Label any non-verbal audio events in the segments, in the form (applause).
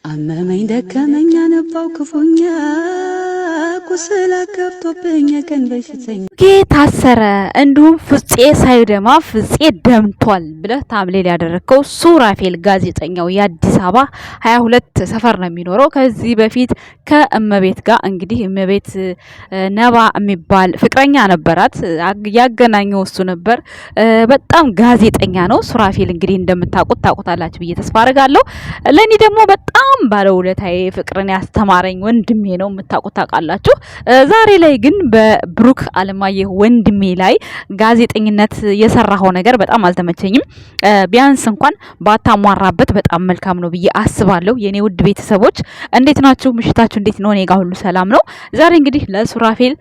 Ang mamay dakaman nga na pau ka funya ቁስል በሽተኛ ታሰረ። እንዲሁም ፍፄ ሳይደማ ፍፄ ደምቷል ብለህ ታምሌል ያደረግከው ሱራፌል ጋዜጠኛው የአዲስ አበባ ሀያ ሁለት ሰፈር ነው የሚኖረው። ከዚህ በፊት ከእመቤት ጋር እንግዲህ እመቤት ነባ የሚባል ፍቅረኛ ነበራት። ያገናኘው እሱ ነበር። በጣም ጋዜጠኛ ነው ሱራፌል። እንግዲህ እንደምታውቁት ታውቁታላችሁ ብዬ ተስፋ አድርጋለሁ። ለእኔ ደግሞ በጣም ባለውለታዬ ፍቅርን ያስተማረኝ ወንድሜ ነው። የምታውቁት ታውቃላችሁ። ዛሬ ላይ ግን በብሩክ አለማየሁ ወንድሜ ላይ ጋዜጠኝነት የሰራኸው ነገር በጣም አልተመቸኝም። ቢያንስ እንኳን ባታሟራበት በጣም መልካም ነው ብዬ አስባለሁ። የኔ ውድ ቤተሰቦች እንዴት ናችሁ? ምሽታችሁ እንዴት ነው? እኔ ሁሉ ሰላም ነው። ዛሬ እንግዲህ ለሱራፌል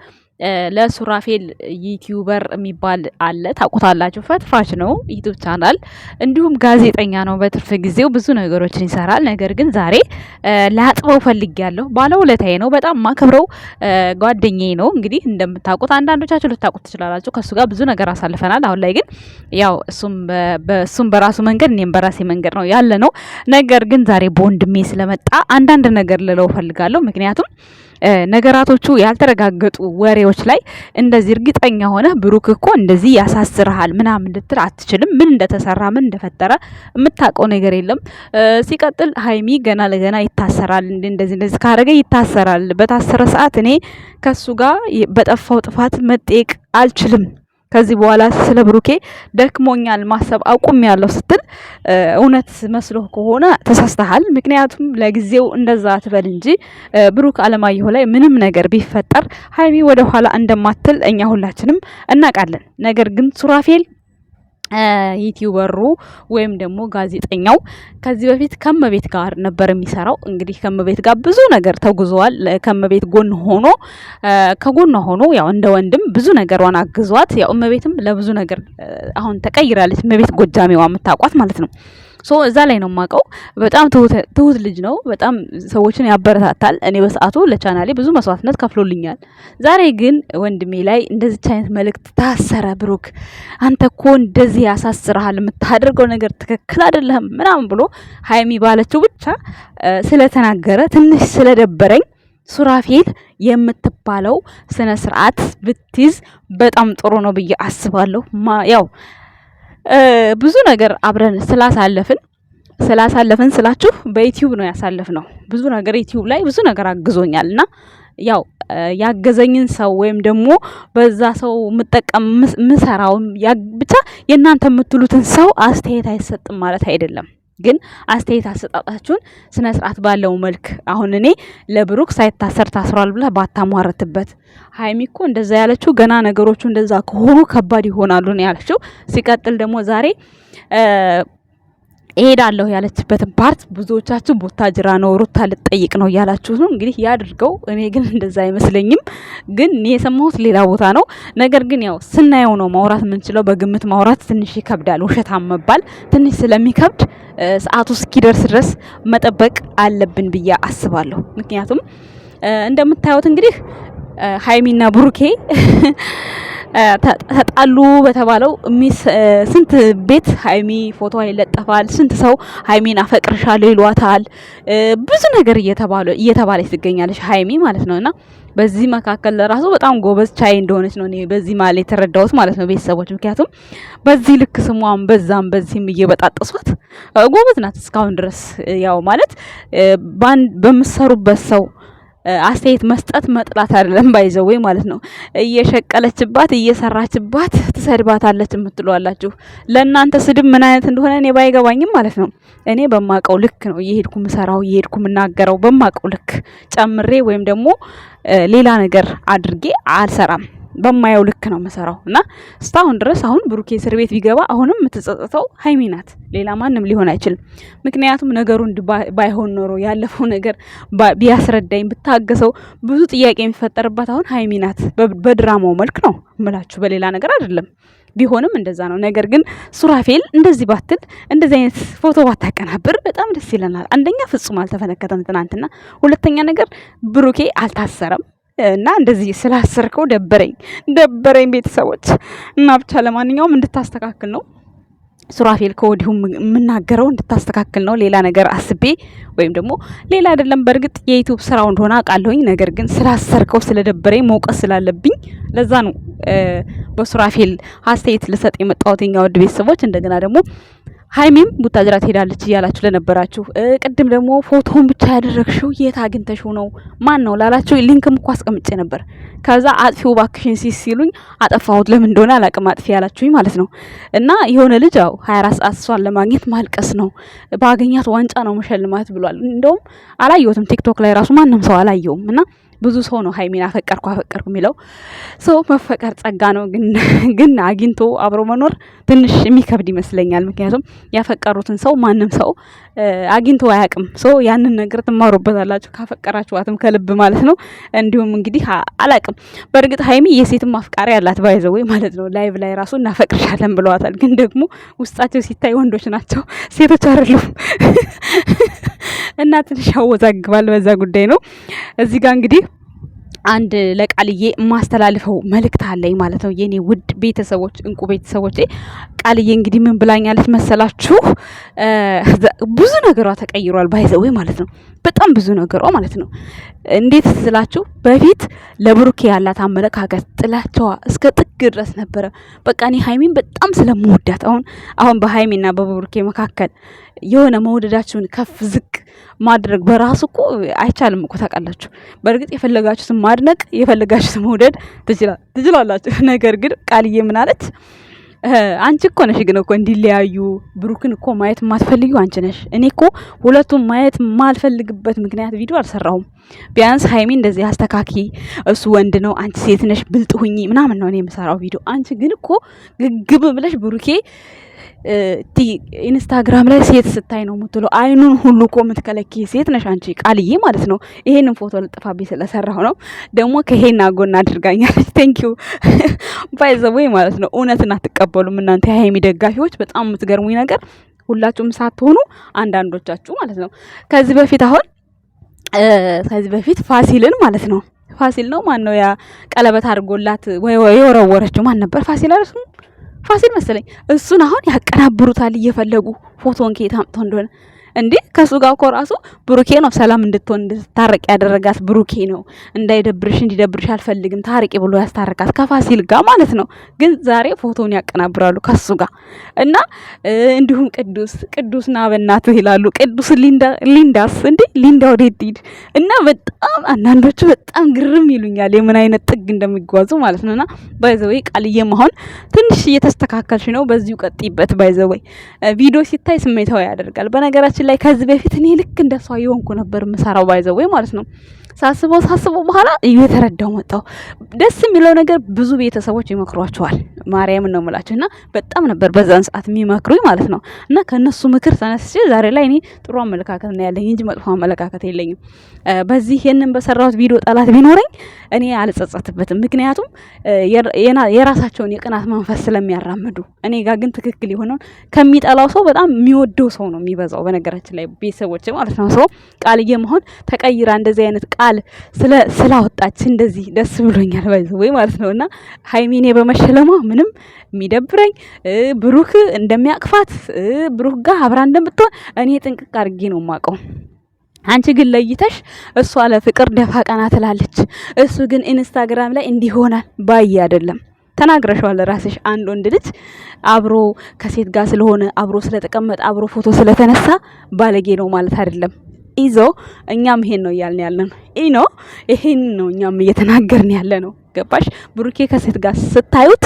ለሱራፌል ዩቲዩበር የሚባል አለ ታውቁታላችሁ። ፈትፋች ነው ዩቱብ ቻናል፣ እንዲሁም ጋዜጠኛ ነው። በትርፍ ጊዜው ብዙ ነገሮችን ይሰራል። ነገር ግን ዛሬ ላጥበው ፈልጌያለሁ። ባለውለታዬ ነው፣ በጣም ማከብረው ጓደኛዬ ነው። እንግዲህ እንደምታውቁት አንዳንዶቻችሁ ልታውቁት ትችላላችሁ። ከእሱ ጋር ብዙ ነገር አሳልፈናል። አሁን ላይ ግን ያው እሱም በራሱ መንገድ እኔም በራሴ መንገድ ነው ያለ ነው። ነገር ግን ዛሬ በወንድሜ ስለመጣ አንዳንድ ነገር ልለው ፈልጋለሁ ምክንያቱም ነገራቶቹ ያልተረጋገጡ ወሬዎች ላይ እንደዚህ እርግጠኛ ሆነ ብሩክ እኮ እንደዚህ ያሳስርሃል ምናምን እንድትል አትችልም። ምን እንደተሰራ ምን እንደፈጠረ የምታውቀው ነገር የለም። ሲቀጥል ሀይሚ ገና ለገና ይታሰራል፣ እንደዚህ እንደዚህ ካረገ ይታሰራል። በታሰረ ሰዓት እኔ ከሱ ጋር በጠፋው ጥፋት መጠየቅ አልችልም ከዚህ በኋላ ስለ ብሩኬ ደክሞኛል ማሰብ አቁም ያለው ስትል እውነት መስሎ ከሆነ ተሳስተሃል። ምክንያቱም ለጊዜው እንደዛ ትበል እንጂ ብሩክ አለማየሁ ላይ ምንም ነገር ቢፈጠር ሀይሚ ወደኋላ እንደማትል እኛ ሁላችንም እናውቃለን። ነገር ግን ሱራፌል ዩቲዩበሩ ወይም ደግሞ ጋዜጠኛው ከዚህ በፊት ከመቤት ጋር ነበር የሚሰራው። እንግዲህ ከመቤት ጋር ብዙ ነገር ተጉዘዋል። ከመቤት ጎን ሆኖ ከጎኗ ሆኖ ያው እንደ ወንድም ብዙ ነገሯን አግዟት። ያው እመቤትም ለብዙ ነገር አሁን ተቀይራለች። እመቤት ጎጃሜዋ የምታውቋት ማለት ነው። ሶ እዛ ላይ ነው የማውቀው። በጣም ትሁት ልጅ ነው። በጣም ሰዎችን ያበረታታል። እኔ በሰዓቱ ለቻናሌ ብዙ መስዋዕትነት ከፍሎልኛል። ዛሬ ግን ወንድሜ ላይ እንደዚች አይነት መልእክት ታሰረ። ብሩክ አንተ እኮ እንደዚህ ያሳስረሃል፣ የምታደርገው ነገር ትክክል አይደለም ምናምን ብሎ ሀይሚ ባለችው ብቻ ስለተናገረ ትንሽ ስለደበረኝ ሱራፌል የምትባለው ስነ ስርዓት ብትይዝ በጣም ጥሩ ነው ብዬ አስባለሁ። ያው ብዙ ነገር አብረን ስላሳለፍን ስላሳለፍን ስላችሁ በዩቲዩብ ነው ያሳለፍ ነው። ብዙ ነገር ዩቲዩብ ላይ ብዙ ነገር አግዞኛል እና ያው ያገዘኝን ሰው ወይም ደግሞ በዛ ሰው የምጠቀም ምሰራው ብቻ የእናንተ የምትሉትን ሰው አስተያየት አይሰጥም ማለት አይደለም። ግን አስተያየት አሰጣጣችሁን ስነ ስርዓት ባለው መልክ አሁን እኔ ለብሩክ ሳይታሰር ታስሯል ብላ ባታሟረትበት። ሀይሚ እኮ እንደዛ ያለችው ገና ነገሮቹ እንደዛ ከሆኑ ከባድ ይሆናሉ ነው ያለችው። ሲቀጥል ደግሞ ዛሬ እሄዳለሁ ያለችበትን ፓርት ብዙዎቻችሁ ጅራ ነው ሩታ ልጠይቅ ነው እያላችሁ ነው። እንግዲህ ያድርገው። እኔ ግን እንደዛ አይመስለኝም። ግን እኔ የሰማሁት ሌላ ቦታ ነው። ነገር ግን ያው ስናየው ነው ማውራት የምንችለው። በግምት ማውራት ትንሽ ይከብዳል። ውሸታም መባል ትንሽ ስለሚከብድ ሰዓቱ እስኪደርስ ድረስ መጠበቅ አለብን ብዬ አስባለሁ። ምክንያቱም እንደምታዩት እንግዲህ ሀይሚና ብሩኬ (laughs) ተጣሉ በተባለው ስንት ቤት ሀይሚ ፎቶ ይለጠፋል፣ ስንት ሰው ሀይሚን አፈቅርሻለሁ ይሏታል፣ ብዙ ነገር እየተባለች ትገኛለች ሀይሚ ማለት ነውና በዚህ መካከል ለራሱ በጣም ጎበዝ ቻይ እንደሆነች ነው እኔ በዚህ ማለት የተረዳሁት ማለት ነው ቤተሰቦች። ምክንያቱም በዚህ ልክ ስሟን በዛም በዚህም እየበጣጠሷት ጎበዝ ናት እስካሁን ድረስ ያው ማለት በምሰሩበት ሰው አስተያየት መስጠት መጥላት አይደለም፣ ባይዘው ወይ ማለት ነው። እየሸቀለችባት እየሰራችባት ትሰድባታለች የምትሏላችሁ ለእናንተ ስድብ ምን አይነት እንደሆነ እኔ ባይገባኝም ማለት ነው። እኔ በማቀው ልክ ነው እየሄድኩ ምሰራው እየሄድኩ ምናገረው በማቀው ልክ ጨምሬ ወይም ደግሞ ሌላ ነገር አድርጌ አልሰራም። በማየው ልክ ነው የምሰራው እና እስካሁን ድረስ አሁን ብሩኬ እስር ቤት ቢገባ አሁንም የምትጸጸተው ሀይሚ ናት። ሌላ ማንም ሊሆን አይችልም። ምክንያቱም ነገሩን ባይሆን ኖሮ ያለፈው ነገር ቢያስረዳኝ ብታገሰው ብዙ ጥያቄ የሚፈጠርባት አሁን ሀይሚ ናት። በድራማው መልክ ነው ምላችሁ፣ በሌላ ነገር አይደለም። ቢሆንም እንደዛ ነው። ነገር ግን ሱራፌል እንደዚህ ባትል እንደዚህ አይነት ፎቶ ባታቀናብር በጣም ደስ ይለናል። አንደኛ ፍጹም አልተፈነከተም ትናንትና፣ ሁለተኛ ነገር ብሩኬ አልታሰረም። እና እንደዚህ ስላሰርከው ደበረኝ ደበረኝ ቤተሰቦች እና ብቻ ለማንኛውም እንድታስተካክል ነው ሱራፌል ከወዲሁ የምናገረው እንድታስተካክል ነው። ሌላ ነገር አስቤ ወይም ደግሞ ሌላ አይደለም። በእርግጥ የዩቱብ ስራው እንደሆነ አውቃለሁኝ። ነገር ግን ስላሰርከው ስለደበረኝ መውቀስ ስላለብኝ ለዛ ነው በሱራፌል አስተያየት ልሰጥ የመጣሁት። የኛ ወድ ቤተሰቦች እንደገና ደግሞ ሀይሚም ቡታጅራ ትሄዳለች እያላችሁ ለነበራችሁ ቅድም ደግሞ ፎቶን ብቻ ያደረግሽው የት አግኝተሽው ነው ማን ነው ላላችሁ ሊንክም እኮ አስቀምጬ ነበር። ከዛ አጥፊው ባክሽን ሲስ ሲሉኝ አጠፋሁት። ለምን እንደሆነ አላቅም። አጥፊ ያላችሁኝ ማለት ነው። እና የሆነ ልጅ አው 24 ሰዓት እሷን ለማግኘት ማልቀስ ነው ባገኛት ዋንጫ ነው መሸልማት ብሏል። እንደውም አላየሁትም ቲክቶክ ላይ ራሱ ማንም ሰው አላየውም እና ብዙ ሰው ነው ሀይሚን አፈቀርኩ አፈቀርኩ የሚለው ሰው መፈቀር ጸጋ ነው። (laughs) ግን አግኝቶ አብሮ መኖር ትንሽ የሚከብድ ይመስለኛል። ምክንያቱም ያፈቀሩትን ሰው ማንም ሰው አግኝቶ አያውቅም። ሰው ያንን ነገር ትማሩበታላችሁ ካፈቀራችኋትም ከልብ ማለት ነው። እንዲሁም እንግዲህ አላውቅም። በእርግጥ ሀይሚ የሴትም አፍቃሪ ያላት ባይዘወይ ማለት ነው። ላይቭ ላይ ራሱ እናፈቅርሻለን ብለዋታል። ግን ደግሞ ውስጣቸው ሲታይ ወንዶች ናቸው፣ ሴቶች አይደሉም። (laughs) እና ትንሽ ያወዛግባል በዛ ጉዳይ ነው። እዚህ ጋር እንግዲህ አንድ ለቃልዬ የማስተላልፈው መልእክት አለኝ ማለት ነው። የኔ ውድ ቤተሰቦች እንቁ ቤተሰቦች፣ ቃልዬ እንግዲህ ምን ብላኛለች መሰላችሁ? ብዙ ነገሯ ተቀይሯል፣ ባይዘዌ ማለት ነው። በጣም ብዙ ነገሯ ማለት ነው። እንዴት ስላችሁ፣ በፊት ለብሩኬ ያላት አመለካከት ጥላቸዋ እስከ ጥግ ድረስ ነበረ። በቃ እኔ ሀይሚን በጣም ስለምወዳት አሁን አሁን በሀይሚና በብሩኬ መካከል የሆነ መውደዳችሁን ከፍ ዝቅ ማድረግ በራሱ እኮ አይቻልም እኮ ታውቃላችሁ። በእርግጥ የፈለጋችሁትን ማድነቅ የፈለጋችሁትን መውደድ ትችላላችሁ። ነገር ግን ቃልዬ ምናለች? አንቺ እኮ ነሽ ግን እኮ እንዲለያዩ ብሩክን እኮ ማየት የማትፈልጊው አንቺ ነሽ። እኔ እኮ ሁለቱም ማየት የማልፈልግበት ምክንያት ቪዲዮ አልሰራሁም። ቢያንስ ሀይሚ እንደዚህ አስተካኪ፣ እሱ ወንድ ነው፣ አንቺ ሴት ነሽ፣ ብልጥ ሁኚ ምናምን ነው እኔ የምሰራው ቪዲዮ። አንቺ ግን እኮ ግግብ ብለሽ ብሩኬ ኢንስታግራም ላይ ሴት ስታይ ነው የምትለው። አይኑን ሁሉ እኮ የምትከለኪ ሴት ነሽ አንቺ ቃልዬ ማለት ነው። ይሄንን ፎቶ ልጥፋብኝ ስለሰራው ነው ደግሞ ከሄና ጎን አድርጋኛለች። ቴንኪዩ (laughs) ባይዘወይ (laughs) ማለት ነው። እውነትን አትቀበሉም እናንተ የሀይሚ ደጋፊዎች። በጣም የምትገርሙኝ ነገር ሁላችሁም ሳትሆኑ አንዳንዶቻችሁ ማለት ነው። ከዚህ በፊት አሁን ከዚህ በፊት ፋሲልን ማለት ነው ፋሲል ነው ማን ነው ያ ቀለበት አድርጎላት የወረወረችው ማን ነበር ፋሲል አለሱ ፋሲል መሰለኝ እሱን አሁን ያቀናብሩታል እየፈለጉ ፎቶን ከየት አምጥተው እንደሆነ እንዴ ከሱ ጋር እኮ ራሱ ብሩኬ ነው ሰላም እንድትሆን እንድትታረቅ ያደረጋት ብሩኬ ነው። እንዳይደብርሽ እንዲደብርሽ አልፈልግም ታርቂ ብሎ ያስታረቃት ከፋሲል ጋር ማለት ነው። ግን ዛሬ ፎቶውን ያቀናብራሉ ከሱ ጋር እና እንዲሁም ቅዱስ ቅዱስ ና በእናት ይላሉ። ቅዱስ ሊንዳስ እንዴ ሊንዳ ወዴት ትሂድ? እና በጣም አንዳንዶቹ በጣም ግርም ይሉኛል የምን አይነት ጥግ እንደሚጓዙ ማለት ነው። ነውና ባይዘወይ ቃልዬ መሆን ትንሽ እየተስተካከልሽ ነው። በዚሁ ቀጥይበት። ባይዘወይ ቪዲዮ ሲታይ ስሜታዊ ያደርጋል በነገራችን በነገራችን ላይ ከዚህ በፊት እኔ ልክ እንደሷ የሆንኩ ነበር የምሰራው ወይ ማለት ነው። ሳስበው ሳስበው በኋላ እየተረዳው መጣው። ደስ የሚለው ነገር ብዙ ቤተሰቦች ይመክሯቸዋል። ማርያምን ነው የምላችሁ። እና በጣም ነበር በዛን ሰዓት የሚመክሩኝ ማለት ነው። እና ከእነሱ ምክር ተነስቼ ዛሬ ላይ እኔ ጥሩ አመለካከት ነው ያለኝ እንጂ መጥፎ አመለካከት የለኝም። በዚህ ይህንን በሰራሁት ቪዲዮ ጠላት ቢኖረኝ እኔ አልጸጸትበትም። ምክንያቱም የራሳቸውን የቅናት መንፈስ ስለሚያራምዱ፣ እኔ ጋር ግን ትክክል የሆነውን ከሚጠላው ሰው በጣም የሚወደው ሰው ነው የሚበዛው። በነገራችን ላይ ቤተሰቦች ማለት ነው ሰው ቃልዬ መሆን ተቀይራ እንደዚህ አይነት ቃል ስላወጣች እንደዚህ ደስ ብሎኛል። ወይ ማለት ነው እና ሀይሚኔ በመሸለሟ አሁንም የሚደብረኝ ብሩክ እንደሚያቅፋት ብሩክ ጋር አብራ እንደምትሆን እኔ ጥንቅቅ አድርጌ ነው የማውቀው። አንቺ ግን ለይተሽ እሷ ለፍቅር ደፋ ቀና ትላለች፣ እሱ ግን ኢንስታግራም ላይ እንዲሆናል ባይ አይደለም ተናግረሻዋል ራስሽ። አንድ ወንድ ልጅ አብሮ ከሴት ጋር ስለሆነ አብሮ ስለተቀመጠ አብሮ ፎቶ ስለተነሳ ባለጌ ነው ማለት አይደለም። ይዞ እኛም ይሄን ነው እያልን ያለ ነው። ኢኖ ይሄን ነው እኛም እየተናገርን ያለ ነው። ገባሽ? ብሩኬ ከሴት ጋር ስታዩት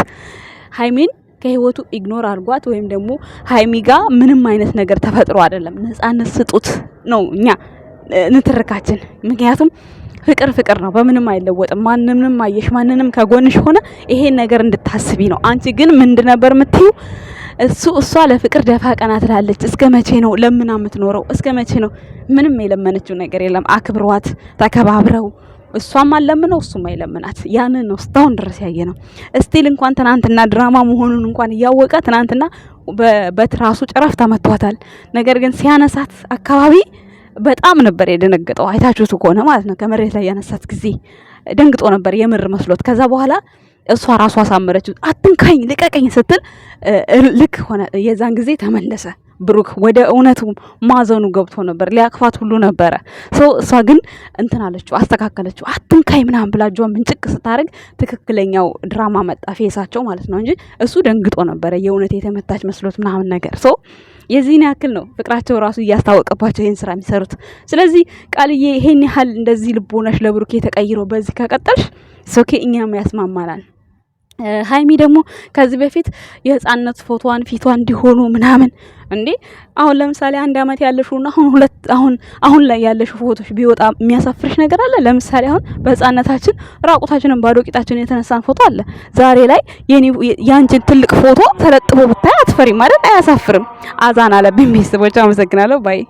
ሀይሚን ከህይወቱ ኢግኖር አድርጓት ወይም ደግሞ ሀይሚ ጋ ምንም አይነት ነገር ተፈጥሮ አይደለም። ነጻነት ስጡት ነው እኛ ንትርካችን። ምክንያቱም ፍቅር ፍቅር ነው፣ በምንም አይለወጥም። ማንንም አየሽ ማንንም ከጎንሽ ሆነ ይሄን ነገር እንድታስቢ ነው። አንቺ ግን ምንድን ነበር የምትዩ? እሱ እሷ ለፍቅር ደፋ ቀና ትላለች። እስከ መቼ ነው ለምና የምትኖረው? እስከ መቼ ነው? ምንም የለመነችው ነገር የለም። አክብሯት፣ ተከባብረው እሷም አለምነው እሱም አይለምናት። ያንን ነው እስካሁን ድረስ ያየ ነው። እስቲል እንኳን ትናንትና ድራማ መሆኑን እንኳን እያወቀ ትናንትና በትራሱ ጭራፍ ተመቷታል። ነገር ግን ሲያነሳት አካባቢ በጣም ነበር የደነገጠው። አይታችሁት ከሆነ ማለት ነው ከመሬት ላይ ያነሳት ጊዜ ደንግጦ ነበር የምር መስሎት። ከዛ በኋላ እሷ ራሷ አሳመረችው። አትንካኝ ልቀቀኝ ስትል ልክ ሆነ። የዛን ጊዜ ተመለሰ። ብሩክ ወደ እውነቱ ማዘኑ ገብቶ ነበር። ሊያቅፋት ሁሉ ነበረ ሰው እሷ ግን እንትን አለችው፣ አስተካከለችው። አትንካይ ምናምን እጇን ምንጭቅ ስታደርግ ትክክለኛው ድራማ መጣ ፌሳቸው ማለት ነው እንጂ እሱ ደንግጦ ነበረ የእውነት የተመታች መስሎት ምናምን ነገር ሰው የዚህን ያክል ነው ፍቅራቸው ራሱ እያስታወቀባቸው ይህን ስራ የሚሰሩት። ስለዚህ ቃልዬ ይሄን ያህል እንደዚህ ልቦናሽ ለብሩኬ ተቀይሮ በዚህ ከቀጠልሽ ሶኬ እኛም ያስማማናል። ሀይሚ ደግሞ ከዚህ በፊት የህፃንነት ፎቶዋን ፊቷ እንዲሆኑ ምናምን እንዴ አሁን ለምሳሌ አንድ አመት ያለሽውና አሁን ሁለት አሁን አሁን ላይ ያለሽው ፎቶሽ ቢወጣ የሚያሳፍርሽ ነገር አለ? ለምሳሌ አሁን በህፃነታችን ራቁታችንን ባዶ ቂጣችንን የተነሳን ፎቶ አለ። ዛሬ ላይ ያንቺን ትልቅ ፎቶ ተለጥፎ ብታይ አትፈሪም ማለት አያሳፍርም? አዛን አለብኝ። ቤተሰቦች አመሰግናለሁ ባይ